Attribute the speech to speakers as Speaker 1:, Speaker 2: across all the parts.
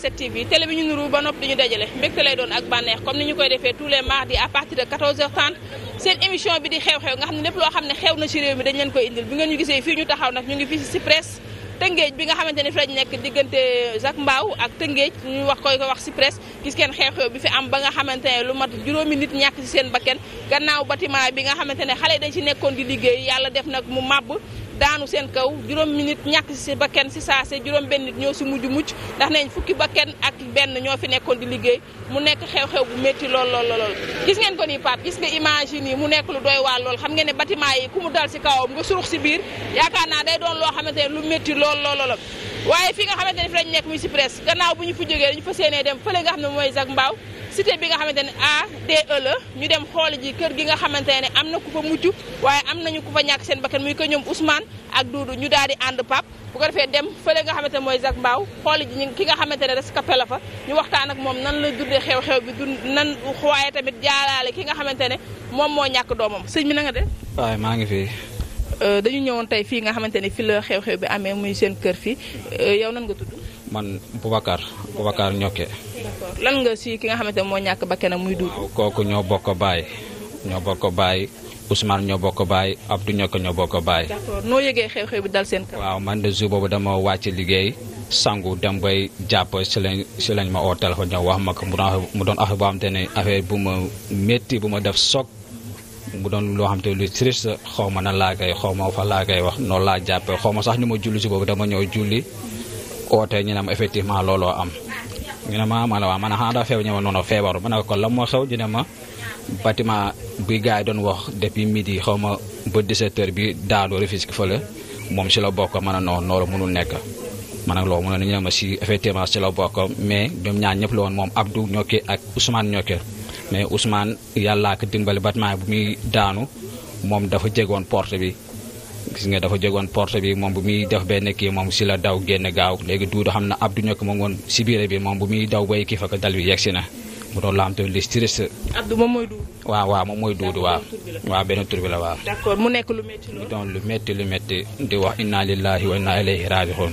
Speaker 1: 7TV télé bi ñu nuru ba noppi di ñu dajale mbégte lay doon ak bànneex comme ni ñu koy defee tous les mardis à partir de 14h30 seen émission bi di xew-xew nga xam ne lépp loo xam ne xew na ci réew mi dañ leen koy indil bi ngeen ñu gisee fii ñu taxaw nag ñu ngi fii ci presse tëngéej bi nga xamante ni fi nekk diggante Jacques mbaaw ak tëngéej ñu wax koy ko wax ci presse gis ngeen xew-xew bi fi am ba nga xamante ne lu mat juróomi nit ñàkk ci seen bakken gannaaw bâtiment bi nga xamante ne xale dañ ci nekkoon di liggéey yàlla def nag mu màbb daanu seen kaw juróom nit ñàkk si bakken si saase juróom benn nit ñoo si mujj mucc ndax neñ fukki bakken ak benn ñoo fi nekkoon di liggéey mu nekk xew-xew bu metti lool lool lool gis ngeen ko nii Pape gis nga image yi mu nekk lu doy waa lool xam ngeen ne bâtiment yi ku mu dal si kawam nga surux si biir yaakaar naa day doon loo xamante ne lu métti lool lool lool waaye fi nga xamante ne fi lañ nekk muy si presse gannaaw bu ñu fa jógee dañu fa dem fële nga xam ne mooy Zac Mbao cité bi nga xamante ne ATE la ñu dem xool ji kër gi nga xamante ne am na ku fa mucc waaye am nañu ku fa ñàkk seen bakkan muy ko ñoom Ousmane ak Doudou ñu daal di ànd pap bu ko defee dem fële nga xamante ne mooy Zac Mbao xool ji ki nga xamante ne rescapé la fa ñu waxtaan ak moom nan la dundee xew-xew bi dund nan waaye jaalaale ki nga xamante ne moom moo ñàkk doomam sëñ bi na nga def. maa ngi fi. Euh, dañu ñëwoon tey fii nga xamante ne fii la xew-xew bi amee muy seen kër fii euh, yow nan nga tudd.
Speaker 2: man Boubacar Boubacar Ñokke.
Speaker 1: d'accord lan nga si ki nga xamante ne moo ñàkk bakkanam muy dugg. waaw
Speaker 2: kooku ñoo bokk baay ñoo bokk baay Ousmane ñoo bokk baay Abdou Ñokke ñoo bokk baay.
Speaker 1: d'accord noo yëgee xew-xew bi dal seen kaw.
Speaker 2: man de boobu dama wàcc liggéey sangu dem bay jàpp si lañ ma oo téléphone ñëw wax ma ko mu doon mu doon affaire boo xam ne affaire bu ma métti bu ma def soog. mu doon loo xam te xaw ma na laa koy xaw ma fa koy wax noonu laa jàppee xaw ma sax ñu ma julli si boobu dama ñëw julli ootee ñu ne ma effectivement looloo am ñu ma ma ne waa man xanaa daa feebar ñu ma noonu feebaru ma ne ko lan moo xew ñu ma bâtiment bi gars yi doon wax depuis midi xaw ma ba di heures bi daanu Rufisque la moom si la bokk man a noonu loolu mënul nekk ma a loolu mu ne ñu ne ma si effectivement si la bokk mais ñoom ñaar ñëpp la woon moom Abdou Ñokke ak Ousmane Ñokke mais Ousmane yàllaa ko dimbali bâtiment bu muy daanu moom dafa jegoon porte bi gis nga dafa jegoon porte bi moom bu muy def benn kii moom si la daw génn gaaw léegi duudu xam na Abdou ñokk moom woon si biir bi moom bu muy daw bay kii fekk dal bi yegg si na mu doon laamte li stress.
Speaker 1: Abdou moom mooy duudu.
Speaker 2: waaw waaw moom mooy duudu waaw. waaw benn tur bi la waaw.
Speaker 1: d'accord mu nekk lu métti loolu. mu
Speaker 2: doon lu métti lu métti di wax inna lillahi wa inna ilayhi raji'un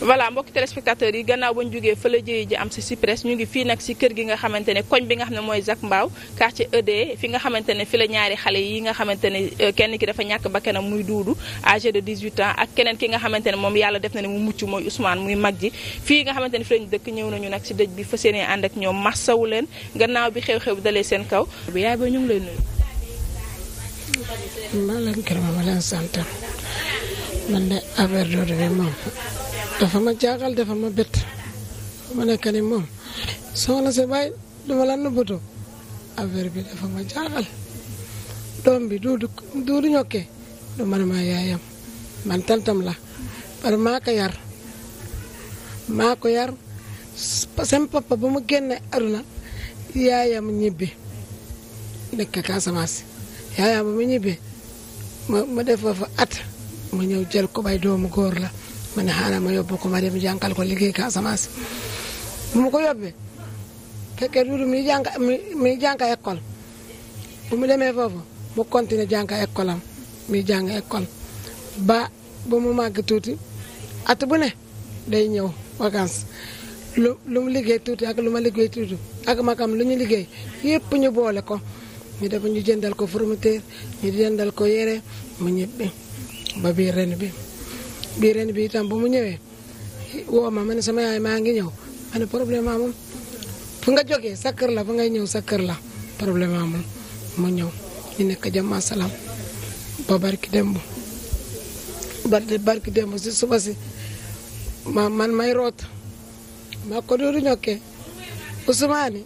Speaker 1: voilà mbokki téléspectateurs yi gannaaw ba ñu jógee fële jëye ji am si Cyprès ñu ngi fii nag si kër gi nga xamante koñ bi nga xam ne mooy Zac Mbao quartier ED fi nga xamante ne fi la ñaari xale yi nga xamante ne euh, kenn ki dafa ñàkk bakkanam muy duudu âgé de 18 ans ak keneen nga xamante ne moom yàlla def na ne mu mucc mooy Ousmane muy mag ji fii nga xamante ne fi lañu dëkk ñëw nañu nag si dëj bi fas yéene ànd ak ñoom massawu leen gannaaw bi xew-xew bi dalee seen kaw bi yaay ba ñu ngi lay
Speaker 3: la gërëm ma leen sant man dafa ma jaaxal dafa ma bett ma nekk ni moom soxna si bàyyi duma la nëbbatu affaire bi dafa ma jaaxal doom bi du du ñokke du man yaayam man tantam la par maa ko yar maa ko yar seen papa ba mu génne aduna yaayam ñibbi dëkk Casamance yaayam ba mu ñibbi ma ma def at ma ñëw jël ko doomu góor la ma ne ma yóbbu ko ma dem jàngal ko liggéey Casamance bu ko yóbbee fekkee duudu mi jàng mi jàng école bu mu demee foofu mu continué jàng école am mi jàng école ba ba mu màgg tuuti at bu ne day ñëw vacances lu lu mu liggéey tuuti ak lu ma liggéey tuuti ak magam lu ñu liggéey yëpp ñu boole ko ñu def ñu jëndal ko fourniture ñu jëndal ko yére mu ñibbi ba biir ren bi bii ren bi itam bu mu ñëwee woo ma ma ne sama yaay maa ngi ñëw ma ne problème amul fu nga jógee sa la fu ngay ñëw sa kër la problème amul mu ñëw ñu nekk jàmm asalaam ba barki démb si suba si ma man may root ma ko duudu ñokkee Ousmane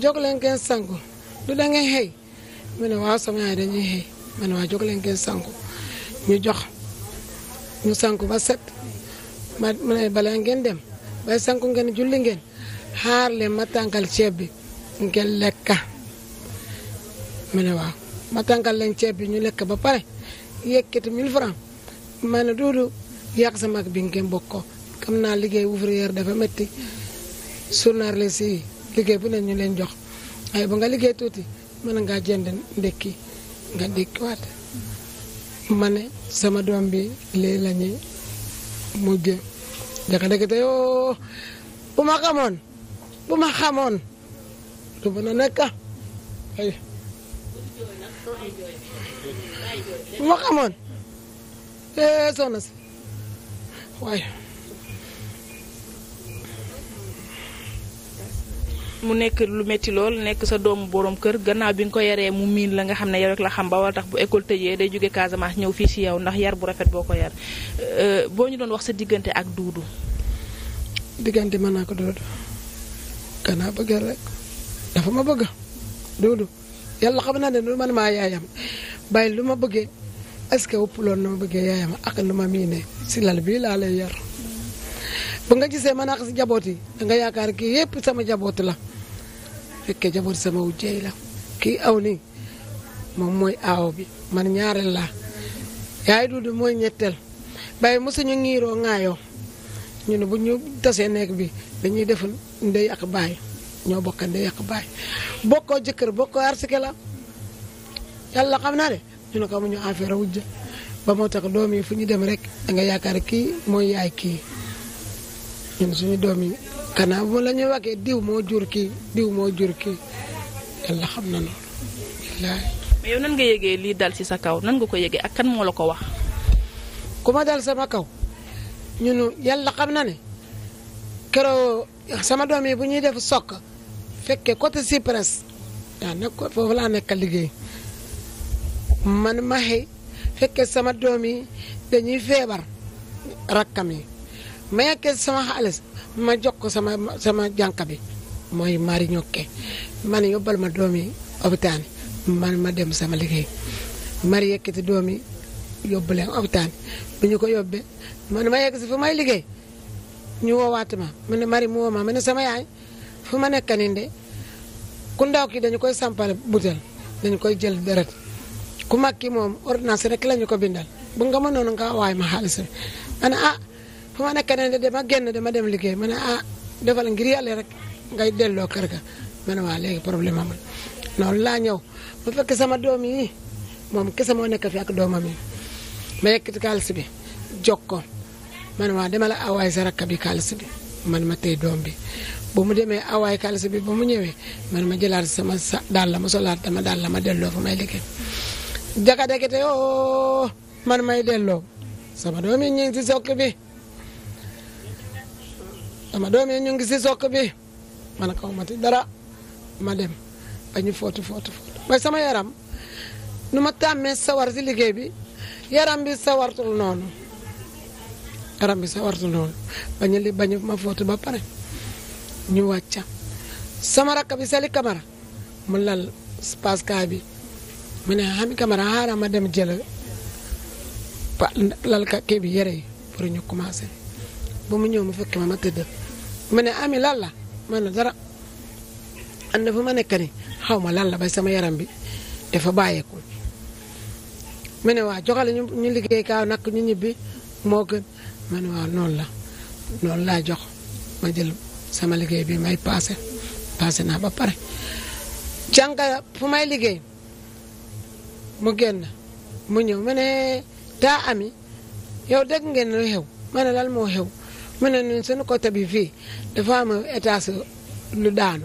Speaker 3: jóg leen ngeen sangu du da ngay xëy mu ne waaw sama yaay dañuy xëy ma ne waaw jóg leen ngeen sangu ñu jox ñu sanku ba set ma ma ne balaa ngeen dem bay sanku ngeen julli ngeen xaar leen ma tànkal ceeb bi ngeen lekka ma ne waaw ma tànkal leen ceeb bi ñu lekk ba pare yëkkati 1000 francs ma ne duudu yàq sa mag bi ngeen bokkoo xam naa liggéey ouvrière dafa métti journaliste yi liggéey bu ne ñu leen jox waaye ba nga liggéey tuuti mën ngaa jënd ndekki nga mane sama doom bi lii la ñuy mujjee yoo bu ma xamoon bu ma xamoon du mën a nekk ay bu ma xamoon eh si
Speaker 1: mu nekk lu metti lool nekk sa doomu borom kër gannaaw bi nga ko yaree mu miin la nga xam ne yow la xam ba wala tax bu école tëjee day jóge Casamance ñëw fii si yow ndax yar bu rafet boo ko yar euh, boo ñu doon wax sa diggante ak Duudu.
Speaker 3: diggante mën naa ko Duudu gannaaw bëgg rek dafa ma bëgg Duudu yàlla xam na ne lu man maa yaayam bàyyi lu ma bëggee est-ce que ëpp loolu na ma bëggee yaayam ak nu ma miinee si lal bii laa lay yar. bu nga gisee ma naax si jaboot yi da nga yaakaar kii yëpp sama jaboot la fekkee jabooti sama wu jeey la kii aw nii moom mooy aaw bi man ñaareel laa yaay dudu mooy ñetteel bay mosuñu ñiiroo ŋaayoo ñu ne bu ñu tasee nekk bi dañuy def ndey ak baay ñoo bokk ndey ak baay bokkoo jëkkër bokkoo arsike la yàlla xam naa de ñu ne ko amuñu affaire wujj moo tax doom fu ñu dem rek danga nga yaakaar kii mooy yaay kii ñun suñu doom yi gannaaw bu lañuy ñuy waxee diw moo jur ki diw moo jur ki yàlla xam na loolu.
Speaker 1: mais yow nan nga yëgee lii dal ci sa kaw nan nga ko yéegee ak kan moo la ko wax. ku ma
Speaker 3: dal sama kaw ñun yàlla xam na ne keroog sama doom yi bu ñuy def sokk fekkee côté Cyprès daa nag foofu laa nekk liggéey man ma xëy fekkee sama doom yi dañuy feebar rakkam yi. ma yàkkee sama xaalis ma jox ko sama sama jànq bi mooy mari ñokke man ma doomi opitaan man ma dem sama liggéey mari yekkati doomi yóbbu leen opitaan bi ñu ko yóbbee man ma yegg si fu ma liggéey ñu woowaat ma mu ne mari mu woo ma mu ne sama yaay fu ma nekk nii de ku ndaw ki dañu koy sampal butel dañu koy jël deret ku mag ki moom ordonnance rek la ñu ko bindal bu nga mënoon nga ma xaalis bi ah fu ma nekk ne dama génn dama dem liggéey ma ne ah defal ngir yàlla rek ngay delloo kër ga ma ne waa léegi laa ñëw ma fekk sama doom yi moom kese moo nekk ak doomam yi ma yëkkati xaalis bi jox ko ma ne waa dama la awaay sa rakk bi xaalis bi man ma tey doom bi bu mu demee awaay xaalis bi bu mu ñëwee man ma jëlaat sama sa daal la ma solaat dama daal la ma delloo fa may liggéey jaka dekete yoo man may delloo sama doom yi si sokk bi dama doom yi ñu ngi si sokk bi ma ne kaw ma dara ma dem ba ñu footu footu footu mooy sama yaram nu ma tàmmee sawar si liggéey bi yaram bi sawartul noonu yaram bi sawartul noonu ba ñu li ba ñu ma footu ba pare ñu wàcca sama rakk bi seli kamara mu lal paska bi mu ne xami kamara xaaral ma dem jël lal ka kii bi yére yi pour ñu commencé ba mu ñëw mu fekk ma ma tëdd mu ne ami lan la ma ne dara am na fu ma nekk ni xaw ma lan la bay sama yaram bi dafa bàyyeeku mu ne waa joxale ñu ñu liggéey kaaw nag ñu ñibbi moo gën ma ne waaw noonu la noonu laa jox ma jël sama liggéey bi ma paase paase naa ba pare jànga fu may liggéey mu génn mu ñëw mu ne taa ami yow dégg ngeen lu xew ma ne lan moo xew mu ne ñun suñu côté bi fii dafa e am étage lu daanu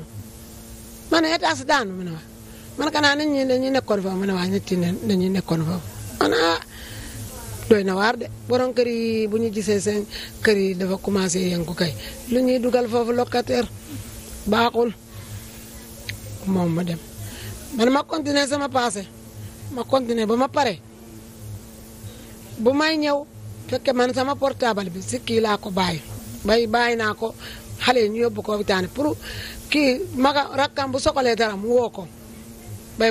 Speaker 3: ma ne étage daanu mu ne waaw man kanaa nit ñi dañuy nekkoon foofu mu ne waaw nit ñi dañuy nekkoon foofu man ah doy na waar de borom kër yi bu ñu gisee seen kër yi dafa commencé yëngu kay lu ñuy dugal foofu locataire baaxul moom ma dem ma continuer sama passé ma continuer ba ma pare bu may ñëw. fekke man sama portabal bi si kii laa ko bàyyi bay bàyyi naa ko xale yi ñu yóbbu ko hôpital pour kii maga rakkam bu soxalee dara mu woo ko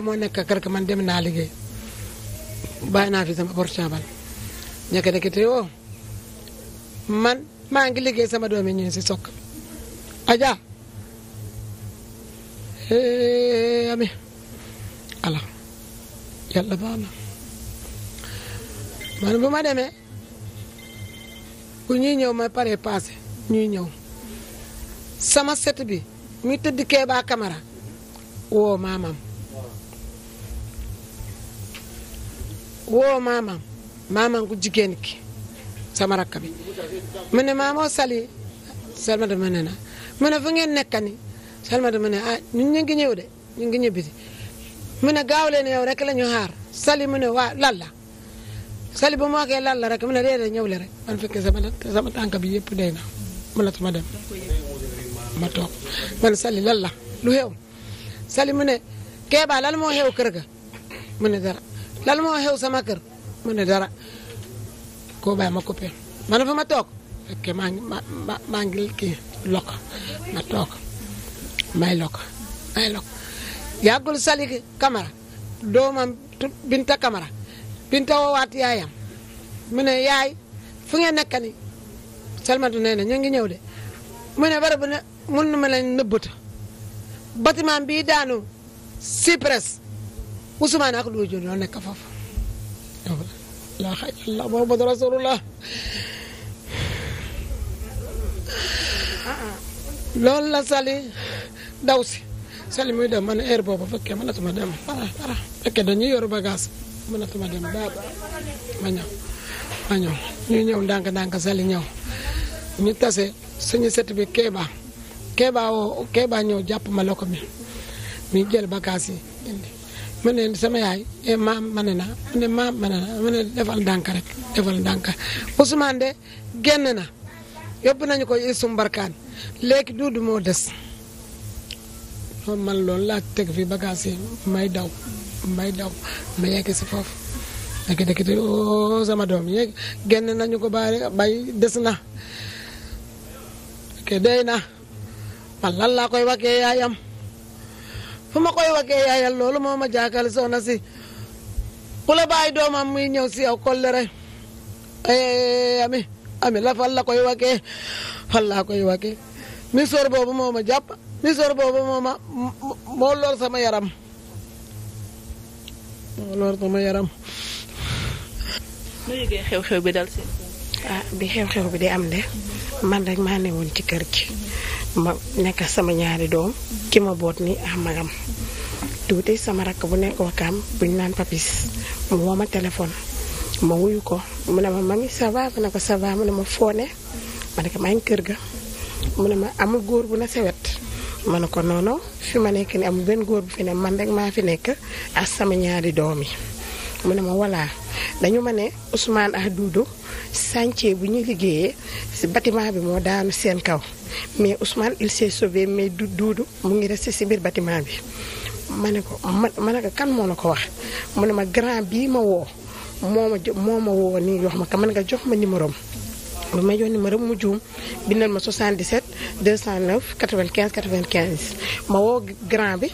Speaker 3: moo nekk kër man dem naa liggéey bàyyi naa fi sama portable ñekk nekkite woo man maa ngi liggéey sama doom yi ñu si sokk ami ala yàlla baax man bu ma demee bu ñuy ñëw may paree passé ñuy ñëw sama set bi mi tëdd Kéba Camara woo maamam woo maamam maamam ku jigéen ki sama rakk bi mu ne maamoo sali Salma dama ne naa mu ne fu ngeen nekka ni Salma dama ne ah ñun ñu ngi ñëw de ñu ngi ñëbbisi mu ne gaaw leen yow rek la ñu xaar sali mu ne waa lan la sali ba mu waxee lan la rek mu ne déedéet ñëw le rek man fekk sama sama tànk bi yëpp day na mënatuma dem ma toog man sali lan la lu xew sali mu ne keebaa lan moo xew kër ga mu ne dara lan moo xew sama kër mu ne dara koo ma coupé man fa ma toog fekke maa ngi ma maa ngi kii lokk ma toog may sali kamara doomam binta kamara Binta woowaat yaayam mu ne yaay fu ngeen nekk ni Salmatu nee na ñu ngi ñëw de mu ne barab ne mun na ma leen nëbbata bâtiment bii daanu Cyprès Ousmane ak Louga ñoo nekk foofu. laa xaaj Allah Muhammad Rasulullah la Sali daw si Sali muy dem man heure boobu bu fekkee mënatuma dem para para fekkee dañuy yor bagage. mënatuma dem ba ma ñëw ma ñëw ñu ñëw ndànk-ndànk sali ñaw ñu tase suñu set bi Kéba Kéba Kéba ñëw jàpp ma loko mi mi jël bagages yi indi ma sama yaay eh, maam ma ne na ma ne maam ma ne na ma ne defal ndànk rek defal ndànk Ousmane de génn na yóbbu nañu ko Isum Barkaan léegi duudu moo des man loolu laa teg fi bagages yi may daw. may daw ma yegg si foofu dëkk dëkk te oh, sama doom yegg génn nañu ko bari bay des na ke dey na man lan laa koy wakkee yaayam fu ma koy wakkee yaayal loolu moo ma jaakal soxna si ku la bàyyi doomam muy ñëw si yow kollere eh, ami ami la fan la koy wakkee fan laa koy wakkee mi sor boobu moo ma jàpp mi sor boobu moo ma moo lor sama yaram loolu sama yaram.
Speaker 1: nu yëgee xew-xew bi dal seen
Speaker 4: ah bi xew-xew bi di am de man rek maa newoon ci kër gi ma nekk sama ñaari doom ki ma boot ni ah magam tuuti sama rakk bu nekk wakaam bu ñu naan papis mu ma téléphone ma wuyu ko mu ne ma mami ça ko ça va ne ma foone ma ne ko maa kër ga mu ne ma amul góor bu na sewet ma ne ko noonu fi ma nekk ni amul benn góor bu fi ne man rek maa fi nekk ak sama ñaari doom yi mu ne ma voilà dañu ma ne Ousmane ak Doudou chantier bu ñu liggéeyee si bâtiment bi moo daanu seen kaw mais Ousmane il s'est sauvé mais duudu mu ngi resté si biir batiment bi ma ne ko ma ne ko kan moo la ko wax mu ne ma grand bii ma woo moo ma jo moo ma woo nii wax ma ko mën nga jox ma numéro am ba may jox numéro mu juum bindal ma 77 209 95 95 ma woo grand bi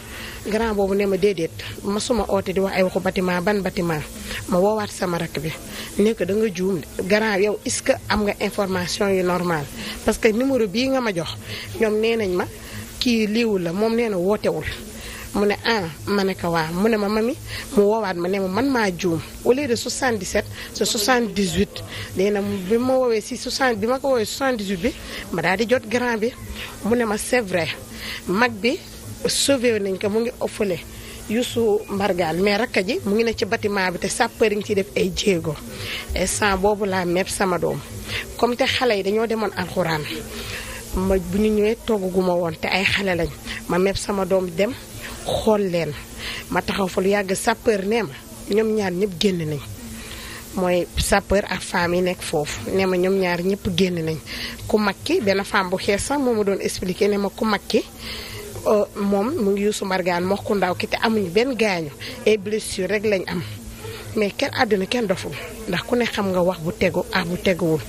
Speaker 4: grand boobu ne ma déedéet ma suma oote di wax ay waxu batiment ban batiment ma woowaat sama rakk bi ne ko da nga juum grand yow est-ce que am nga information yu normal parce que numéro bii nga ma jox ñoom nee nañ ma kii liiwul la moom nee na wootewul mu ne ah ma ne ko waaw mu ne ma mami mu woowaat ma ne ma man maa juum au lieu de 77 c'est 78 léegi nag bi ma woowee si 60 bi ma ko woowee 78 bi ma daal di jot grand bi mu ne ma c'est mag bi sauvé nañ ko mu ngi ëffale Youssou Mbargaan mais rakka ji mu ngi ne ci bâtiment bi te sapeur ngi ciy def ay jéego instant boobu laa mepp sama doom comme te xale yi dañoo demoon alxuraan ma bu ñu ñëwee togguma woon te ay xale lañ ma mepp sama doom dem. xool leen ma taxaw fa lu yàgg sapeur nee ma ñoom ñaar ñëpp génn nañ mooy sapeur ak femme yi nekk foofu nee ma ñoom ñaar ñëpp génn nañ ku mag ki benn femme bu xees sax moo ma doon expliqué ne ma ku mag ki euh, moom mu ngi yuusu mbargaan mox ku ndaw ki te amuñu benn gaañu ay blessure rek lañ am mais kenn àdduna kenn doful ndax ku ne xam nga wax bu tegu ah bu teguwul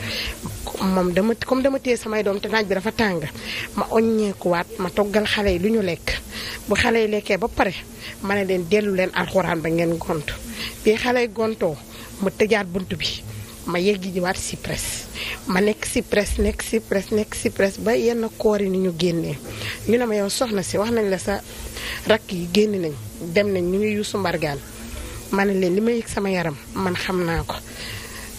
Speaker 4: moom dama comme dama téye samay doom te naaj bi dafa tàng ma oññeekuwaat ma toggal xale yi lu ñu lekk bu xale yi lekkee ba pare ma ne leen dellu leen alxuraan ba ngeen gont bi xale yi ma tëjaat bunt bi ma yegg jiwaat ma nekk si presse nekk si presse nekk si presse ba yenn koor yi ni ñu génnee ñu ne ma yow soxna si wax nañ la sa rakk yi génn nañ dem nañ ñu ngi yuusu mbargaan man ne leen li ma yëg sama yaram man xam naa ko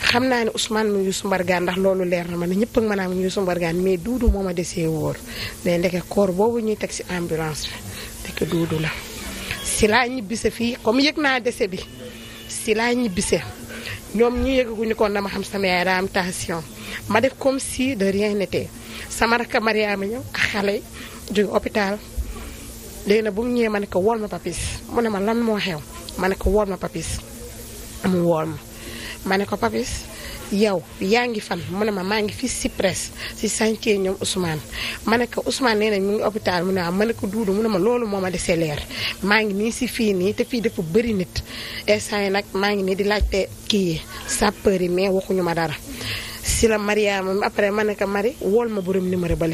Speaker 4: xam naa ne Ousmane mu Youssou Mbargane ndax loolu leer na ma ne ñëpp ak ma naa mu Youssou Mbargane mais duudu moo ma desee wóor mais ndeke koor boobu ñuy teg ci ambulance bi ndeke la si laa ñibbise fii comme yëg naa dese bi si laa ñibbise ñoom ñu yëgaguñu koon dama xam sama yaay ma def comme si de rien n'était sama rakk Mariama ñëw ak xale jóge hôpital léegi nag bu mu ma ne ko wol ma papis mu ne ma lan moo xew ma ne ko woor ma papis mu woor ma ma ne ko papis yow yaa ngi fan mu ne ma maa ngi fii Sipres si chantier ñoom Ousmane ma ne ko Ousmane nee nañ mu ngi hôpital mu ne ah ma ne ko duudu mu ne ma loolu moo ma dese leer maa ngi nii si fii nii te fii dafa bëri nit instant yi nag maa ngi nii di laajte kii yi sapeur yi mais waxuñu ma dara. si la Mariama après ma ne mari wool ma borom numéro ba le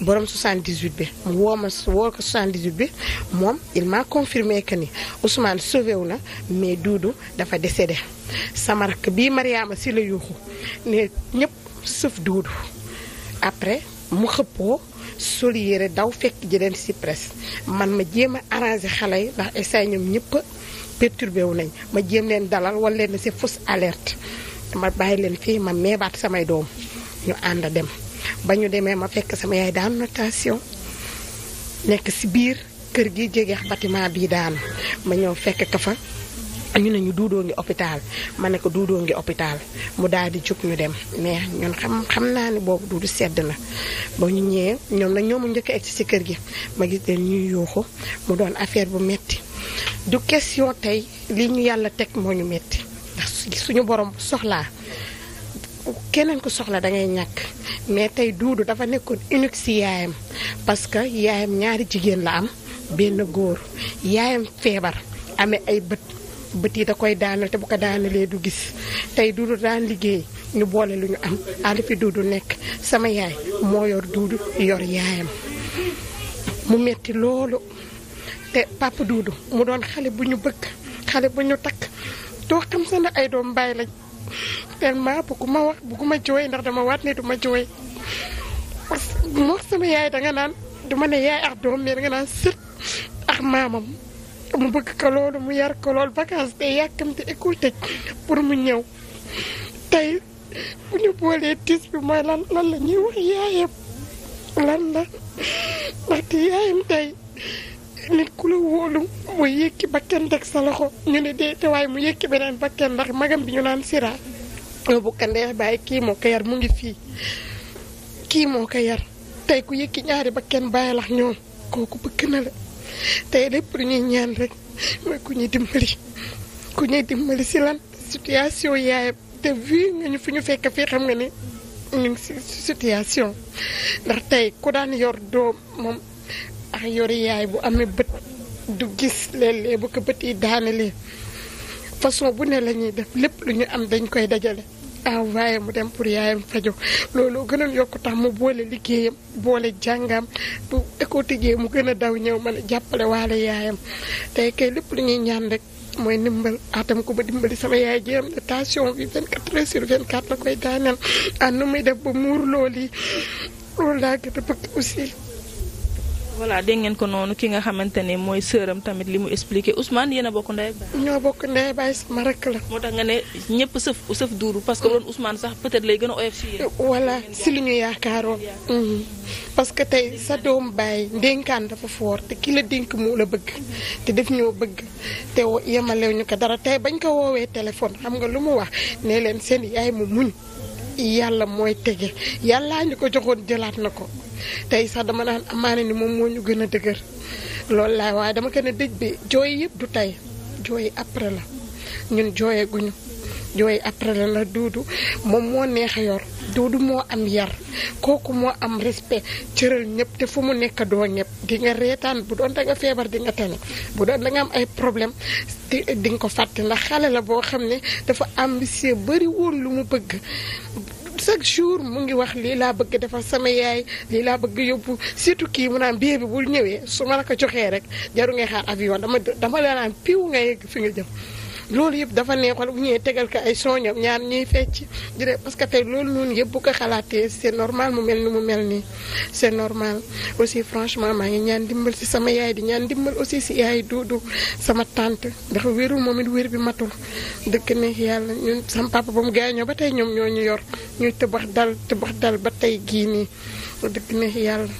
Speaker 4: borom 78 bi mu woo ma woo ko 78 bi moom il m'a confirmé que ni Ousmane sauvé wu na mais Doudou dafa décédé sama rakk bii Mariama si la yuuxu ne ñëpp sëf Doudou après mu xëppoo sol yére daw fekk ji leen si presse man ma jéem a arrangé xale yi ndax essay ñoom ñëpp perturbé wu nañ ma jéem leen dalal wala leen c'est fausse alerte ma bàyyi leen fii ma meebaat samay doom ñu ànd dem ba ñu demee ma fekk sama yaay daanu na nekk si biir kër gi jege batiment bii daanu ma ñëw fekk ka fa ñu ne ñu duudoo ngi hôpital ma ne ko duudoo ngi hôpital mu daal di jóg ñu dem mais ñun xam xam naa ne boobu duudu sedd na ba ñu ñëwee ñoom nag ñoomu njëkk egsi si kër gi ma gis leen ñuy yuuxu mu doon affaire bu metti du question tey li ñu yàlla teg moo ñu metti suñu borom soxlaa keneen ko soxla da ñàkk mais tey duudu dafa nekkoon unique si yaayam parce que yaayam ñaari jigéen la am benn góor yaayam feebar ame ay bët bët yi da koy daanal te bu ko daanalee du gis tey duudu daan liggéey ñu boole lu ñu am àll fi duudu nekk sama yaay moo yor duudu yor yaayam mu metti loolu te papa duudu mu doon xale bu ñu bëgg xale bu ñu takk te waxtam seen ay doom bàyyi lañ ma bëgguma wax bëgguma jooy ndax dama waat ne duma ma jooy parce que moo sama danga naan duma ne yaay ak doom mais danga naan sët ak maamam mu bëgg ko loolu mu yar ko loolu vacances day yàkkamte école tëj pour mu ñëw tey bu ñu boolee tiis mooy lan lan la ñuy wax yaayam lan la ndaxte yaayam tey nit ku la wóolu mu yëkki bakken teg sa ñu ne dee te waaye mu yëkki beneen bakken ndax magam bi ñu naan sira bu ko ndeex bàyyi kii moo yar mu ngi fii kii moo ko yar tey ku yëkki ñaari bakken bàyyi lax ñoom kooku bëgg na la tey lépp lu ñuy ñaan rek mooy ku ñuy dimbali ku ñuy dimbali si lan situation yaayam te vu nga ñu fi ñu fekk fii xam nga ne ñu ngi si situation ndax tey ku daan yor doom moom ak ah, yore yaay bu amee bët du gis léeg-léeg bu ko bët yi daanelee façon bu ne lañuy def lépp lu ñu am dañ koy dajale ah, envoyé mu dem pour yaayam fajo loolu gënoon yokku tax mu boole jàngam bu écotigee mu gën a daw ñëw mën a jàppale waalo yaayam tey kay lépp lu ñuy ñaan rek mooy ndimbal atam ah, ko ba dimbali sama yaay ji am na tension bi 24 heures la koy daaneel ah nu muy def ba muur loolu yi loolu laa gën a bëgg aussi
Speaker 1: voilà dégg ngeen ko noonu ki nga xamante ne mooy sëram tamit li mu expliqué Ousmane yéen bokk ndey ak baay. ñoo bokk ndey ak baay sama rakk la. moo tax nga ne ñëpp sëf sëf duuru parce que doon Ousmane sax peut lay gën a oyof si
Speaker 4: yéen. voilà si lu ñu yaakaaroon. Mhm. parce que tey sa doom baay ndénkaan dafa foor te ki la dénk moo la bëgg. te def ñoo bëgg te yemalew ñu ko dara tey bañ ko woowee téléphone xam nga lu mu wax nee leen seen yaay mu muñ. yàlla mooy tege yàllaa ñu ko joxoon jëlaat na ko tey sax dama naan amaane ni moom moo ñu gën a dëgër loolu laay waaye dama gën a dëj bi jooy yëpp du tey jooy après la ñun jooye guñu yooyu après la la duudu moom moo neex a yor duudu moo am yar kooku moo am respect cëral ñëpp te fu mu nekk doo ñëpp di nga reetaan bu doon da nga feebar di nga bu doon da nga am ay problème di nga ko fàtte ndax xale la boo xam ne dafa ambitieux bari woon lu mu bëgg chaque jour mu ngi wax lii laa bëgg defal sama yaay lii laa bëgg yóbbu surtout kii mu naan bee bi bul ñëwee su ma la ko joxee rek jaru ngay xaar avion dama dama la naan piw nga yegg fi nga jëm loolu yëpp dafa neexoon bu tegal ko ay soñam ñaar ñuy fecc di parce que tey loolu noonu yëpp bu ko xalaatee c'est normal mu mel ni mu mel nii c'est normal aussi franchement maa ngi ñaan dimbal si sama yaay di ñaan dimbal aussi si yaay duudu sama tante ndax wérul moom it wér bi matul dëkk ne yàlla ñun sama papa ba mu gaañoo ba tey ñoom ñoo ñu yor ñuy tëbax
Speaker 1: dal tëbax dal ba tey gii nii dëkk ne yàlla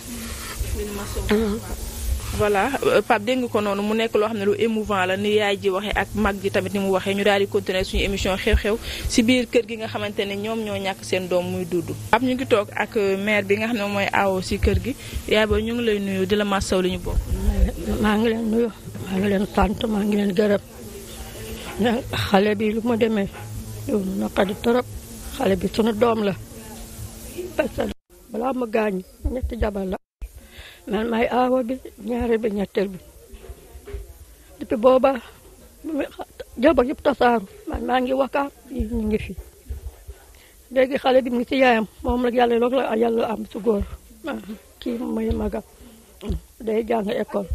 Speaker 1: voilà euh, Pape dégg nga ko noonu mu nekk loo xam ne lu émouvant la ni yaay ji waxee ak mag ji tamit ni mu waxee ñu daal di continuer suñu émission xew-xew si biir kër gi nga xamante ne ñoom ñoo ñàkk seen doom muy dudd ab ñu ngi toog ak euh, maire bi nga xam ne mooy awo si kër gi yaay booy ñu ngi lay nuyu di la masaw li ñu bokk
Speaker 5: maa ngi leen nuyu maa ngi leen maa ngi leen gërëm xale bi lu mu demee loolu naqari bi sunu doom ma gaañ ñetti jabar la man may aawa bi ñaareel bi ñetteel bi depuis booba jabar yëpp tasaaru man maa ngi wakaam yi ñu ngi fi léegi xale bi mu ngi ci yaayam moom la yàlla loog la yàlla am su góor ah, kii mooy magam day jàng école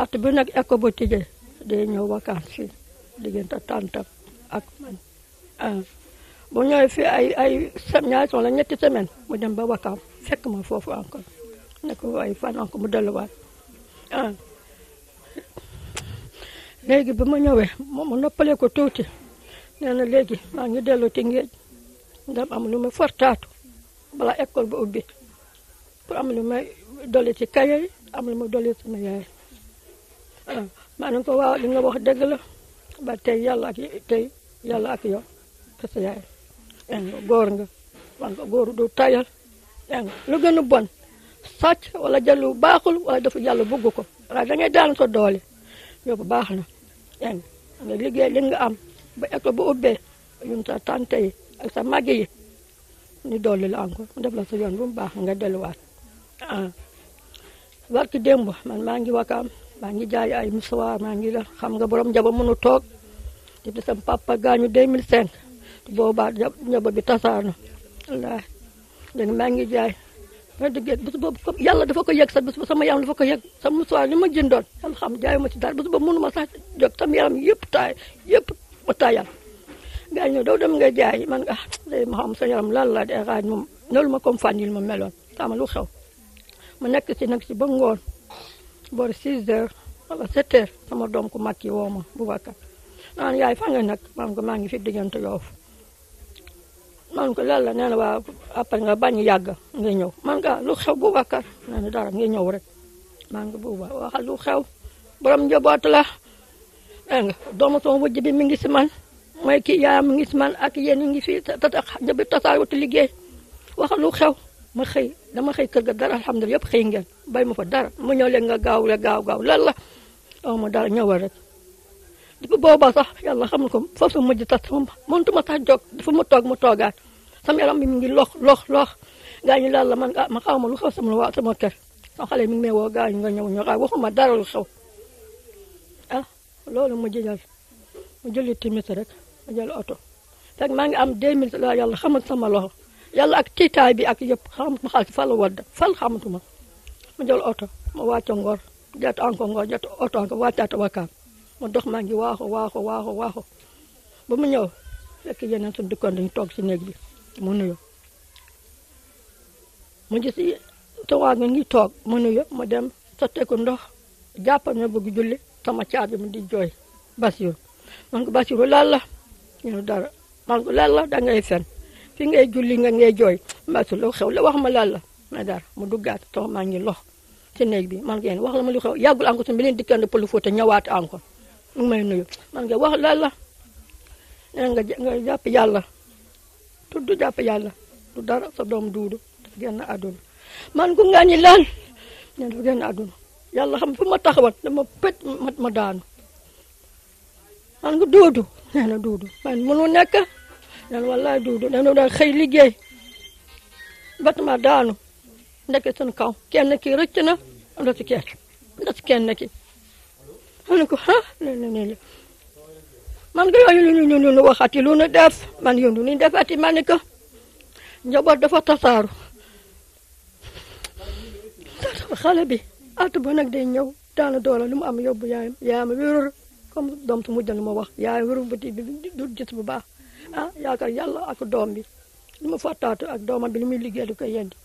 Speaker 5: at bi nag école bu tijjee day ñëw vacances fii diggante tàntam ak man ah, bu ñëwee fii ay ay ñaari semaine la ñetti semaine mu dem ba wakaam fekk ma foofu encore nako ko waaye fanaan ko mu delluwaat ah léegi bi ma ñëwee moom mu noppalee ko tuuti nee na léegi maa ngi dellu ci ngéej ndam am lu ma fortaatu balaa école ba ubbi pour am lu may dolli ci kaye yi am lu ma dolli sama na ah maanaam ko waaw li nga wax dëgg la ba tey yàlla ak tey yàlla ak yow parce nga wax nga du tayal yaa lu bon. sàcc wala jël lu baaxul wala dafa yàlla bugg ko waaye da ngay daan sa doole yóbbu baax na yaa nga liggéey li nga am ba école bu ubbee ñun sa tante yi ak sa mag yi ñu dolli la encore def la sa yoon bu mu baax nga delluwaat ah barki démb man maa ngi wakaam maa ngi jaay ay musuwaar maa ngi xam nga borom njaba mënu toog di sam papa gaañu 2005 boobaa njaba bi tasaar na wallaahi léegi maa ngi jaay ma déggee bés boobu comme yàlla dafa ko yëg sax bés ba sama yaram dafa ko yëg sama musuwaay ma jëndoon yàlla xam jaay ma ci dara bés boobu mënu ma sax jóg sama yaram yëpp taay yëpp ba taayal gars yi daw dem nga jaay man ah day ma xam sa yaram lan la day raaj moom loolu ma comme fànn yi ma meloon sama lu xew ma nekk ci nag ci ba ngoon boori 6 heures wala 7 heures sama doom ku mag ki woo ma bu baax naan yaay fa nga nag maa ngi fi diggante Yoof man ko lan la nee na waa après nga bañ yàgg nga ñëw man nga lu xew Boubacar nee na dara nga ñëw rek man nga Bouba waxal lu xew borom njaboot la dégg nga doomu sama wujj bi mi ngi si man may kii yaayam mi ngi si man ak yéen ngi fi tata ñëpp liggéey waxal lu xew ma xëy dama xëy kër ga dara alhamdulilah yëpp xëy ngeen bay ma fa dara ma ñow leen nga gaaw la gaaw gaaw lan la ma dara ñëwal rek. dafa boobaa sax yàlla xamul ko foofu mujj tas moom mënutuma sax jóg dafa ma toog ma toogaat. sama yaram bi mi ngi lox lox lox gaañu laal la man ah ma xaw ma lu xew sama waa sama kër sama xale mi ngi may woo gaañu nga ñëw ñu xaar waxuma dara lu xew ah loolu ma jëjal ma jëli timis rek ma jël oto fekk maa ngi am deux minutes la yàlla xamal sama loxo yàlla ak tiitaay bi ak yëpp xamatuma xaalis fan la wadd fan xamatuma ma oto ma wàcce ngor jot encore ngor jot oto encore wàccaat wakaam ma dox maa ngi waaxu waaxu waaxu waaxu ba mu ñëw fekk yeneen suñu dëkkoon dañu toog si néeg bi mu nuyu mu gis tubaab mi ngi toog mu nuyu mu dem sotteeku ndox jàppal ma bëgg julli sama caabi mu di jooy Basiru man ko Basiru lan la ñu dara man ko lan la da ngay fen fi ngay julli nga jooy Basiru lu xew la wax ma lan la ma dara mu duggaat toog maa ngi lox néeg bi man ngeen wax la ma lu xew yàggul encore suñu beneen dikkande pël Fuuta ñëwaat encore mu may nuyu man nga wax lan la nee nga nga jàpp tudd jàpp yàlla du dara sa doom duudu dafa génn àdduna man ku nga ñi laan ñen dafa génn àdduna yàlla xam fu ma taxawal dama pét ma ma daanu man nga duudu nee na duudu man mënu nekk nee na duudu nee na da liggéey bat ma daanu nekk seen kaw kenn ki rëcc na da si ki ma ne ko ah nee man ga yooyu ñu ñu waxati lu nu def man yu ñu defati man que njaboot dafa tasaaru xale bi at ba nag day ñëw daana doole lu mu am yóbbu yaayam yaayam wérul comme doom su mujj na ma wax yaayam wérul bëti du gis bu baax ah yaakaar yàlla ak doom bi lu mu fàttaatu ak doomam bi lu muy liggéey du ko yendi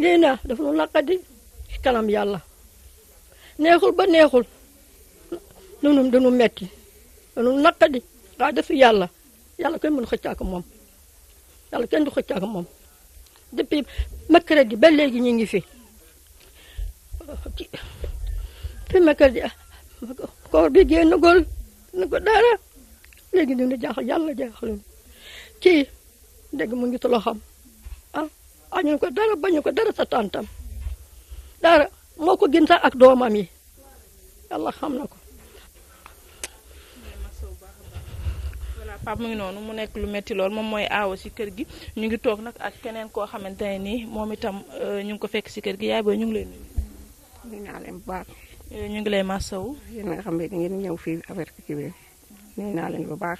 Speaker 5: lii na dafa nu yàlla neexul ba neexul nunu dunu metti loolu natt di daa def yàlla yàlla kenn mënu xëccaa ko moom yàlla kenn du xëccaa ko moom depuis mercredi ba léegi ñu ngi fi fi mercredi ah, koor bi génnagul na ko dara léegi ñu ngi jaaxal yàlla jaaxal kii dégg mu ngi tulo xam ah añu ko dara bañu ko dara sa tàntam dara moo ko gën sax ak doomam yi yàlla xam na ko
Speaker 1: Pape mu ngi noonu mu nekk lu metti lool moom mooy aawo si kër gi ñu ngi toog nag ak keneen koo xamante ne nii moom itam euh, ñu ngi ko fekk si kër gi yaay ñu ngi lay
Speaker 6: naa leen bu baax. Euh, ñu ngi lay masawu. yéen nga xam ne ngeen ñëw fii affaire kii bi nuyu naa leen bu baax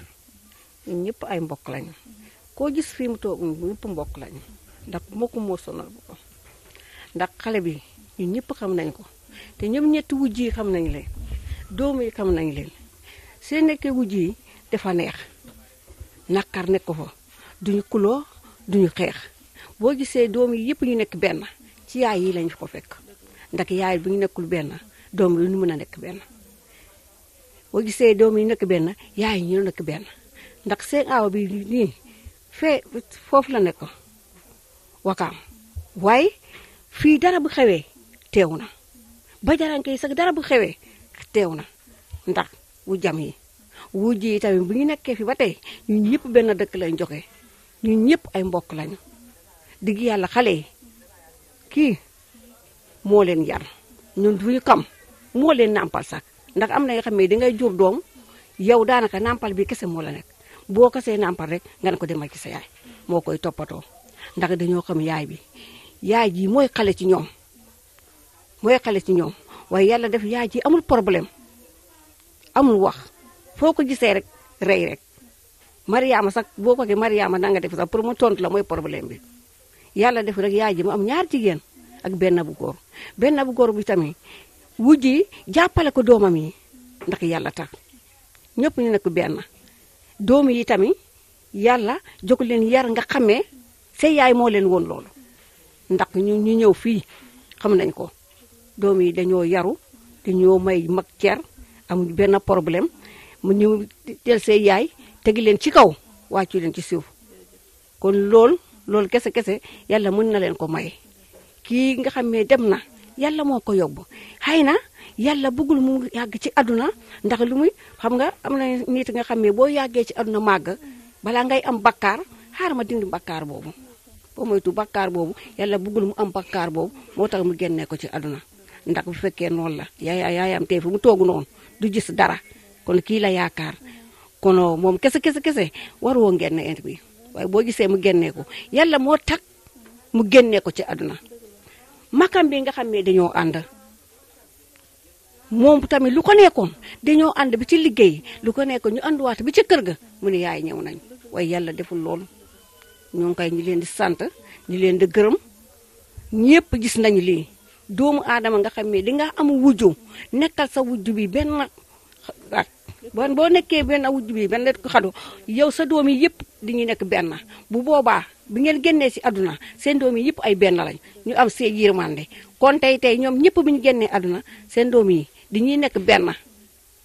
Speaker 6: ñëpp ay mbokk lañu. koo gis fii mu toog ñëpp mbokk lañu ndax mbokk moo sonal ndax xale bi ñun ñëpp xam nañ ko te ñoom ñetti wujj yi xam nañ leen doomu yi xam nañ leen seen nekkee wujj yi dafa neex. nakar nekk ko fa duñu kuloo duñu xeex boo gisee doom yi yëpp ñu nekk benn ci yaay yi lañu ko fekk ndax yaay bu ñu nekkul benn doom yi ñu mën a nekk benn boo gisee doom yi nekk benn yaay ñu nekk benn ndax seen aaw bi nii fee foofu la nekk wakaam waaye fii dara bu xewee teew na ba jaranke yi sax dara bu xewee teew na ndax bu jam yi wujj yi tamit bu ñu nekkee fi ba tey ñun ñëpp benn dëkk lañ joxe ñun ñëpp ay mbokk lañu digg yàlla xale yi kii moo leen yar ñun duñu kam moo leen nampal sax ndax am na yoo xam ne dangay jur doom yow daanaka nampal bi kese moo la nekk boo kasee nàmpal rek nga ne ko demal ci sa yaay moo koy toppatoo ndax dañoo xam yaay bi yaay ji mooy xale ci ñoom mooy xale ci ñoom waaye yàlla def yaay ji amul problème amul wax foo ko gisee rek rey rek mariama sax boo ko ki mariama na nga def sax pour mu tontu la mooy problème bi yàlla def rek yaay ji mu am ñaar jigéen ak benn bu góor benn bu góor bi tamit wujji jàppale ko doomam yi ndax yàlla tax ñëpp ñu nekk benn doom yi tamit yàlla jox leen yar nga xamee sa yaay moo leen woon loolu ndax ñu ñu ñëw fii xam nañ ko doom yi dañoo yaru dañoo may mag cer amuñ benn problème mu ñëw teel say yaay tegi leen ci kaw wàccu leen ci suuf kon lool loolu kese kese yàlla mën na leen ko may kii nga xam ne dem na yalla moo ko yóbbu xëy na yalla bëggul mu yàgg ci àdduna ndax lu muy xam nga am na nit nga xam ne boo yàggee ci àdduna màgg balaa ngay am bakkaar xaar ma dindi bakkaar boobu boo moytu bakkaar boobu yàlla bëggul mu am bakkaar boobu moo tax mu génnee ko ci àdduna ndax bu fekkee noonu la ya yaayam tey fu mu toogu noonu du gis dara kon kii la yaakaar kon moom kese kese kese waroo génne interview waaye boo gisee mu génnee ko yàlla moo tax mu génnee ko ci àdduna makam bi nga xam ne dañoo ànd moom tamit lu ko nekkoon dañoo ànd bi ci liggéey lu ko nekkoon ñu ànduwaat bi ci kër ga mu ne yaay ñëw nañ waaye yàlla deful loolu ñoo ngi koy ñu leen di sant ñu leen di gërëm ñëpp gis nañu lii doomu aadama nga xam ne di nga am wujju nekkal sa wujju bi benn at bon boo nekkee benn awujj bi benn ko xadu yow sa doom yi yëpp dañuy nekk benn bu boobaa bi ngeen génnee si àdduna seen doom yi yëpp ay benn lañ ñu am se yërmande kon tey tey ñoom ñëpp bu ñu génnee àdduna seen doom yi dañuy nekk benn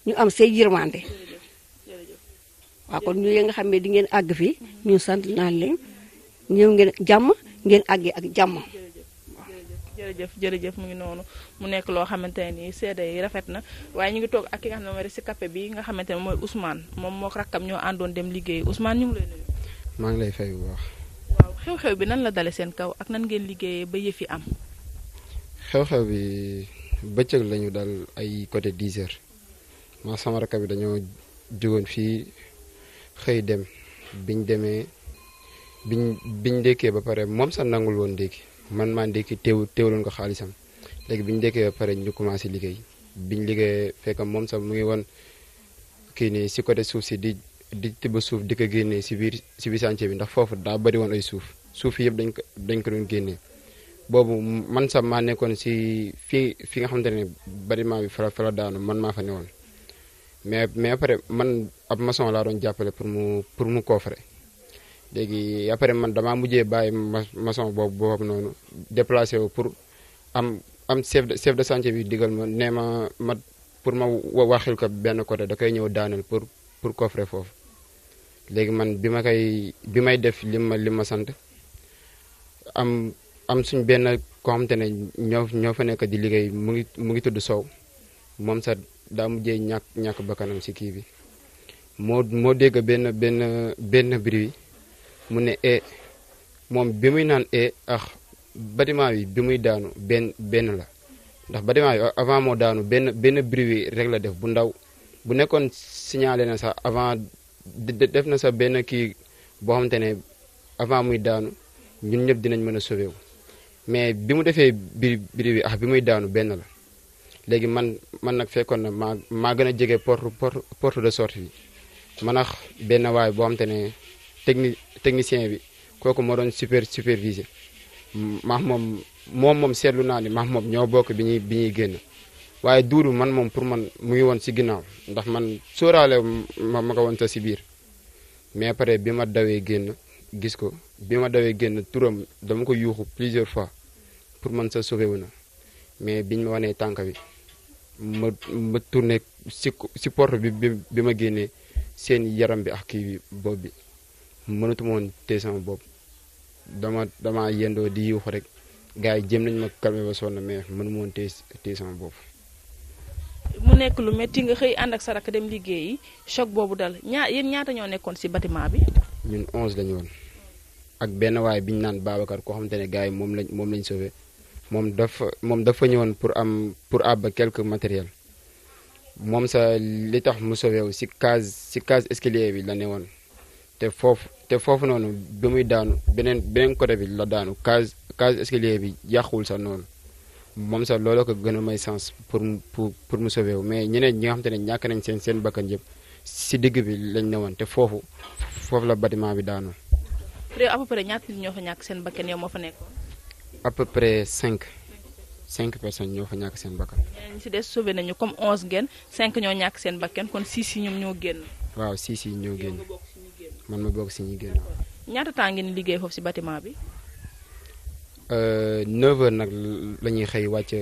Speaker 6: ñu am se yërmande waaw kon ñu nga xam ne di ngeen àgg fi ñu sant naa leen ñëw ngeen jàmm ngeen àggee ak jàmm.
Speaker 1: jërëjëf jërëjëf noonu mu nekk loo xamante ne nii seede yi rafet na waaye ñu ngi toog ak ki nga xam ne mooy rescapé bi nga xamante ne mooy Ousmane moom moo am ñoo àndoon dem liggéey Ousmane ñu ngi lay
Speaker 7: maa ngi lay fay bu
Speaker 1: xew-xew bi nan la dale seen kaw ak nan ngeen liggéeyee ba yëf yi am.
Speaker 7: xew-xew bi bëccëg lañu dal ay côté 10 heures maa sama rakk bi dañoo jógoon fii xëy dem biñ demee. biñ biñ ndékkee ba pare moom sax nangul woon ndékki man maa ndékki teew teewloon ko xaalisam léegi bi ñu dekkee ba pare ñu commencé liggéey bi ñu liggéey fekk moom sax mu ngi woon kii nii si côté suuf si di di tibb suuf di ko génnee si biir si biir chantier bi ndax foofu daa bari woon ay suuf suuf yëpp dañ ko dañ ko doon génnee boobu man sax maa nekkoon si fii fi nga xamante ne bâtiment bi fara fara daanu man maa fa newoon mais mais après man ab maçon laa doon jàppale pour mu pour mu coffrer léegi après man damaa mujjee bàyyi maçon boobu boobu noonu déplacé wu pour am am chef de chef de chantier bi digal ma nee ma ma pour ma waxil ko benn côté da koy ñëw daaneel pour pour coffrer foofu léegi man bi ma kay bi may def lim ma lim ma sant am am suñ benn koo xamante ne ñoo ñoo fa nekk di liggéey mu ngi mu ngi tudd Sow moom sa daa mujjee ñàkk ñàkk bakkanam si kii bi moo moo dégg benn benn benn mu ne e moom bi muy naan e bâtiment bi bi muy daanu benn benn la ndax bâtiment bi avant moo daanu benn benn bruit rek la def bu ndaw bu nekkoon signalé na sax avant def na sax benn kii boo xamante ne avant muy daanu ñun ñëpp dinañ mën a sauvé mais bi mu defee biri biri bi ah bi muy daanu benn la léegi man man nag fekkoon na maa maa gën a jege porte porte porte de sortie bi man benn waay boo xamante ne technicien bi kooku moo doon super supervisé max moom moom moom seetlu naa ni max moom ñoo bokk bi ñuy bi ñuy génn waaye duuru man moom pour man mu ngi woon si ginnaaw ndax man sóoraale ma ma ko woon sa si biir mais pare bi ma dawee génn gis ko bi ma dawee génn turam dama ko yuuxu plusieurs fois pour man sa sauvé wu na mais bi ma wanee tànk bi ma ma tourné si si bi bi ma génnee seen yaram bi ak kii bi bi mënatuma woon tey sama bopp dama dama yendoo di yuuxu rek gars yi jëm nañ ma calmer ba sonn mais mënu moon téye téye sama bopp
Speaker 1: mu nekk lu métti nga xëy ànd ak sa rakk dem liggéeyi choc boobu dal ñaata ñoo nekkoon si bâtiment bi
Speaker 7: ñun onze lañu woon ak benn waay bi ñu naan Babacar koo xamante ne gars yi moom lañ moom lañ sauvé moom dafa moom dafa ñëwoon pour am pour àbb quelque matériel moom sa li tax mu sauvé wu si case si case escalier bi la ne woon te foofu te foofu noonu bi muy daanu beneen beneen côté bi la daanu case case escalier bi yàquwul sax noonu moom sax looloo ko gën a may sens pour mu pour mu sauver mais ñeneen ñi nga xam te ne ñàkk nañ seen seen bakkan si digg bi lañ newoon te foofu foofu la bâtiment bi daanu.
Speaker 1: réew à peu près ñàkk seen bakkan yow moo fa nekkoon.
Speaker 7: à peu près cinq cinq personnes ñoo fa ñàkk seen bakkan.
Speaker 1: ñeneen ñi si des sauvé nañu comme onze ngeen cinq ñoo ñàkk seen bakkan kon six yi ñoom ñoo
Speaker 7: génn. man ma bokk si ñi génn.
Speaker 1: ñaata temps ngeen liggéey foofu si bâtiment bi.
Speaker 7: 9h euh, nag la ñuy xëy wàcc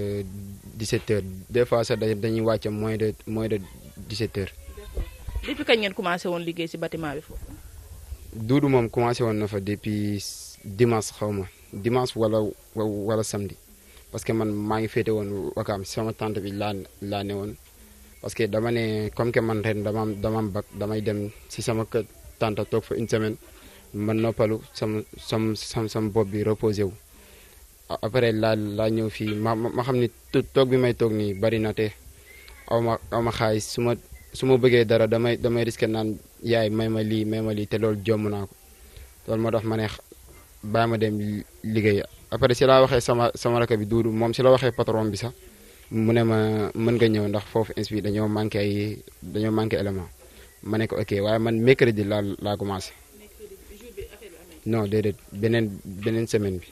Speaker 7: 17h des fois sax dañuy wàcc moins de moins de 17h.
Speaker 1: depuis kañ ngeen commencé woon liggéey si bâtiment bi foofu.
Speaker 7: Duudu moom commencé woon na fa depuis dimanche xaw ma dimanche wala wala samedi parce que man maa ngi féete woon wakaam sama tante bi laa laa ne woon parce que dama ne comme que man ren dama am damay dem si sama kër. tànta toog fa une semaine man noppalu sam sam sam sam bopp bi reposé wu après laa laa ñëw fii ma ma xam ni toog bi may toog nii bari na te aw ma aw ma su ma su ma bëggee dara damay damay risqué naan yaay may ma lii may ma lii te lool jommu naa ko loolu moo tax ma ne baa ma dem liggéey après si laa waxee sama sama rakk bi duudu moom si la waxee patron bi sax mu ne ma mën nga ñëw ndax foofu inspire dañoo manqué ay dañoo manqué élément ma ne ko ok waaye man mercredi laa laa commencé non déedéet beneen beneen semaine bi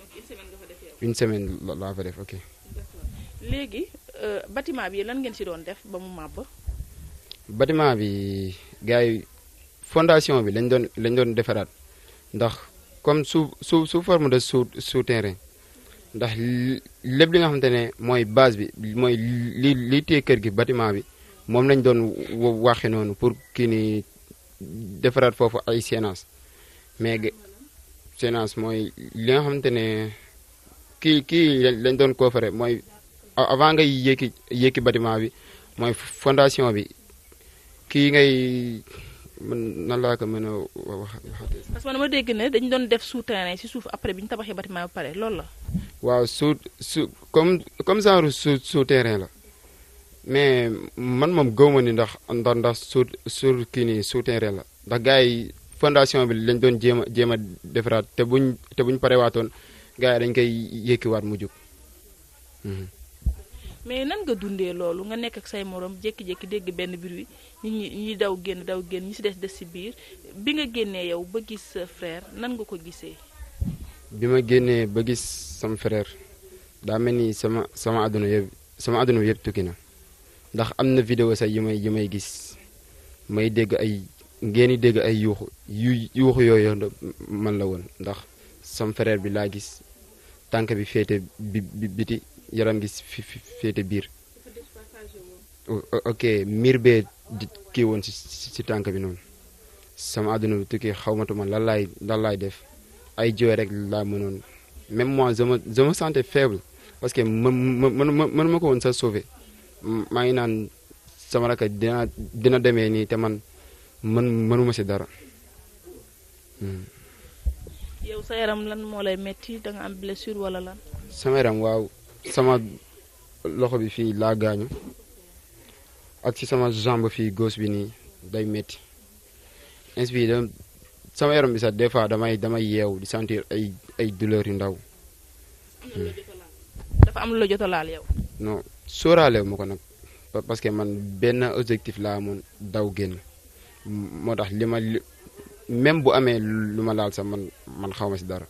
Speaker 7: une semaine laa fa def ok.
Speaker 1: léegi euh, bâtiment bi lan ngeen ci doon def ba mu màbb.
Speaker 7: bâtiment bi gars yi fondation bi lañ doon lañ doon defaraat ndax kom su su su forme de sous souterrain ndax lépp li nga xamante ne mooy base bi mooy li li téye kër gi bâtiment bi. moom lañ doon waxe noonu pour kii ni defaraat foofu ay séance mais séance mooy li nga xamante ne kii kii lañ doon coffrer mooy avant ngay yéeki yéeki bâtiment bi mooy fondation bi kii ngay man nan laa ko mën a wax waxatee. parce
Speaker 1: que man ma dégg ne dañu doon def souterrain si suuf après bi ñu tabaxee bâtiment ba pare loolu la.
Speaker 7: waaw sous sous comme comme genre sous souterrain la mais man moom gëwma ni ndax ndax ndax sur sur kii nii souterrain la ndax gars yi fondation bi lañ doon jéem a jéem a defaraat te buñ te buñ parewaatoon gars yi dañ koy yëkkiwaat mu jóg.
Speaker 1: Mhm. mais nan nga dundee loolu nga nekk ak say moroom jékki-jékki dégg benn bruit ñi ñi ñi daw génn daw génn ñu si des des si biir bi nga génnee yow ba gis sa frère nan nga ko gisee.
Speaker 7: bi ma génnee ba gis sama frère daa mel ni sama sama àdduna yëpp sama àdduna yëpp tukki na. ndax am na vidéo sax yu may yu may gis may dégg ay ngeen dégg ay yuuxu yu yuuxu yooyu man la woon ndax sam frère bi laa gis tànk bi féete bi yaram gis fi féete biir ok miir bee kii woon si tànk bi noonu sama àdduna bi tukki xawmatuma lan laay lan laay def ay jooy rek laa mënoon même moi je me je me sentais faible parce que mën ma mën ma ko woon sa sauver maa ngi naan sama rakk dina dina demee nii te man man mënuma si dara. Hmm.
Speaker 1: yow sa yaram lan moo lay metti da nga am blessure wala lan.
Speaker 7: sama yaram waaw sama loxo bi fii laa gaañu ak ci sama jambe fii gauche bi nii day metti ins bi sama yaram bi sax des fois damay damay yeew di sentir ay ay douleur yu ndaw.
Speaker 1: dafa am la jot laal yow.
Speaker 7: non sóoraale wu ma ko nag parce que man benn objectif laa amoon daw génn moo tax li ma li bu amee lu ma laal sax man man xaw ma si dara.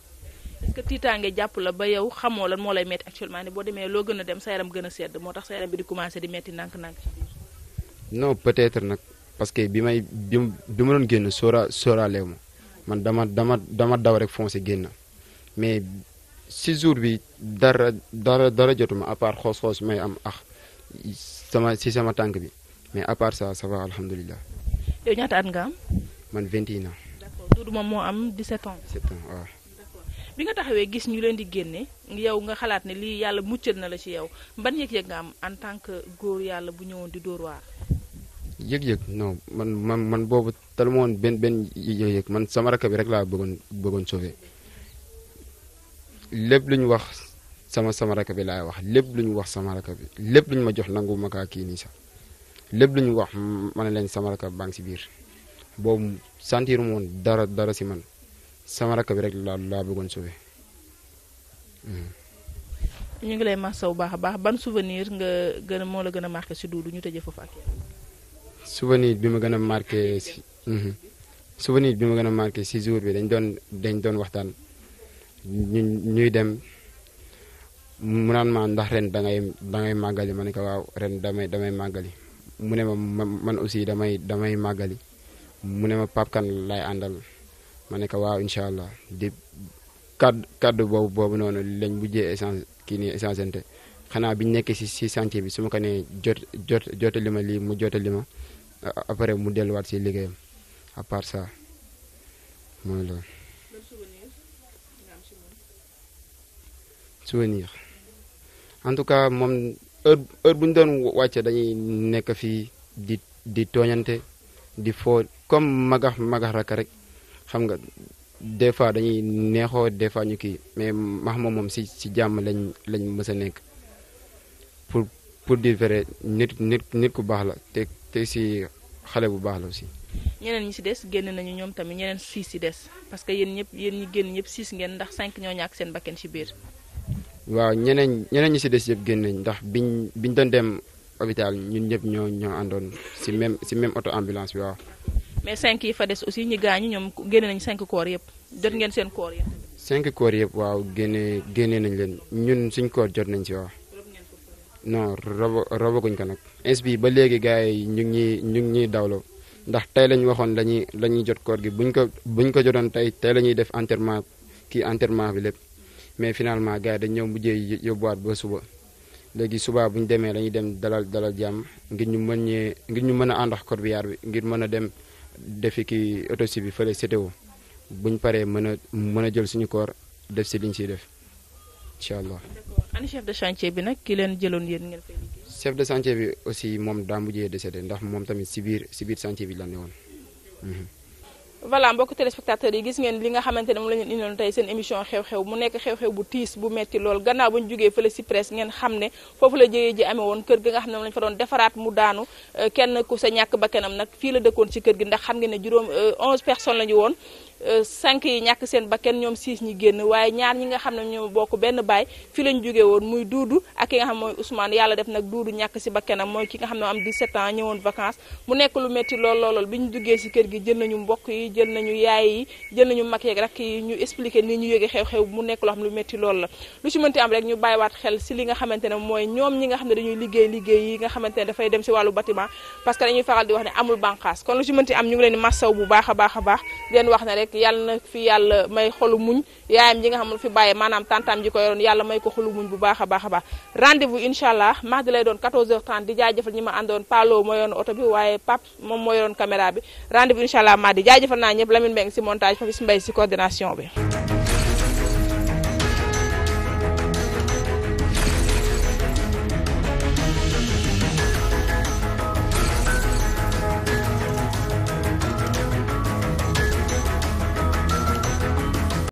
Speaker 1: est-ce tiitaange jàpp la ba yow xamoo lan moo lay metti actuellement ni boo demee loo gën a dem sa yaram gën a sedd moo tax sa yaram bi di commencé di metti nànk-nànk.
Speaker 7: non peut-être nag parce que bi may bi bi ma doon génn sóora sóoraale wu ma man dama dama dama daw rek foncé génn mais si jour bi dara dara dara jotuma à part xoos-xoos may am ax sama si sama tànk bi mais à part ça ça alhamdulilah.
Speaker 1: yow ñaata at nga am.
Speaker 7: man 21 ans.
Speaker 1: d'accord Doudou moom moo am 17 ans. 17 ans waaw. d'accord bi nga taxawee gis ñu leen di génne yow nga xalaat ne lii yàlla muccal na la ci yow ban yëg-yëg nga am en tant que góor yàlla bu ñëwoon di dóor waar.
Speaker 7: yëg-yëg non man man man boobu taluma benn benn yëg-yëg man sama rakk bi rek laa bëggoon bëggoon sauver. lépp lu ñu wax sama sama rakk bi laay wax lépp lu ñu wax sama rakk bi lépp lu ma jox nangu ma kaa kii nii sax lépp lu ñu wax ma ne leen sama rakk baa ngi si biir boobu sentir moon dara dara si man sama rakk bi rek laa laa bëggoon sauver. Hmm.
Speaker 1: ñu ngi lay masawu baax a baax ban souvenir nga gën a moo la gën a marqué si Doudou ñu tëjee foofu ak
Speaker 7: souvenir bi ma gën a marqué si. Hmm. souvenir bi ma gën a marqué si jour bi dañ doon dañ doon waxtaan. ñuy dem mu naan ma ndax ren da ngay da ngay màggali ma ne ko waaw ren damay damay màggali mu ne ma man aussi damay damay màggali mu ne ma Pape Kane lay àndal ma ne ko waaw incha allah di kaddu kaddu boobu boobu noonu lañ mujjee essence kii nii essence xanaa biñ nekkee si si chantier bi su ma ko nee jot jot jotali ma lii mu jotali ma apare mu delluwaat si liggéeyam à part ça mooy loolu. souvenir en tout cas moom heure bu ñu doon wàcce dañuy nekk fii di di tooñante di foo comme magax magax raka rek xam nga des fois dañuy neexoo des fois ñu kii mais max ma moom si si jàmm lañ lañ mës a nekk pour pour di vrai nit nit nit ku baax la te te si xale bu baax la aussi.
Speaker 1: ñeneen ñi si des génn nañu ñoom tamit ñeneen siis si des parce que yéen ñëpp yéen ñi génn ñëpp siis ngeen ndax cinq ñoo ñàkk seen bakkan si biir.
Speaker 7: waaw ñeneen ñeneen ñi si des yëpp génn nañ ndax biñ biñ doon dem hôpital ñun ñëpp ñoo ñoo àndoon si même si même auto ambulance bi waaw.
Speaker 1: mais cinq yi fa des aussi ñi gaañu ñoom génne nañ cinq koor yëpp jot ngeen seen koor yëpp.
Speaker 7: cinq koor yëpp waaw génne génne nañ leen ñun suñ koor jot nañ si waaw. non robo robaguñ ko nag. ins bi ba léegi gars yi ñu ngi ñu ngi ñuy dawlo ndax tey lañu waxoon lañuy la ñuy jot koor gi buñ ko buñ ko jotoon tey tey la ñuy def enterrement kii enterrement bi lépp. mais finalement gars yi dañ ñëw mujjee yóbbuwaat ba suba léegi suba bu ñu demee la dem dalal dalal jàmm ngir ñu mën ñee ngir ñu mën a àndax corbillard bi ngir mën a dem defi ki autopsie bi fële CTO bu paree mën a mën a jël suñu corps def liñ siy def incha allah.
Speaker 1: ani de chantier bi nag ki leen jëloon yéen ngeen fay
Speaker 7: chef de chantier bi aussi moom daa mujjee décédé ndax moom tamit si biir si biir chantier bi la ne woon. Mhm.
Speaker 1: voilà mbokk téléspectateurs yi gis ngeen li nga xamante ne moom la ñu indiloon tey seen émission xew-xew mu nekk xew-xew bu tiis bu metti lool gannaaw bu ñu jógee fële si presse ngeen xam ne foofu la woon kër gi nga xam ne fa doon defaraat mu daanu euh, kenn ku sa ñàkk kenam nag fii la dëkkoon si kër gi ndax xam ngeen ne juróom 11 euh, personnes la ñu woon Euh, cinq yi ñàkk seen bakkan ñoom siis ñi génn waaye ñaar ñi nga xam ne ñoo bokk benn baay fi lañ jóge woon muy duudu ak ki nga xam mooy Ousmane yàlla def ñàkk si bakkanam mooy ki nga xam ne am 17 ans ñëwoon vacances mu nekk lu métti lool lool ñu duggee si kër gi jël nañu mbokk yi jël nañu yaay yi nañu mag yeeg rek yi ñu expliqué ni ñu yëge xew-xew mu nekk loo lu métti lool am rek ñu bàyyiwaat xel si li nga xamante ne mooy ñoom ñi nga xam ne dañuy liggéey liggéey yi nga xamante ne dafay dem si wàllu bâtiment parce que dañuy faral di wax ne amul bànqaas kon lu si mënti am ñu leen massaw bu baax a baax a baax leen wax ne rek nekk yàlla na fi yàlla may xolu muñ yaayam ji nga xam ne fi bàyyi maanaam tantam ji ko yoroon yàlla may ko xolu muñ bu baax a baax a baax rendez-vous incha allah mardi lay doon 14h30 di jaajëfal ñi ma àndoon Paalo moo yoroon oto bi waaye Pape moom moo yoroon bi rendez-vous incha allah mardi jaajëfal naa ñëpp Lamine Mbengue si montage Fafis Mbaye si coordination bi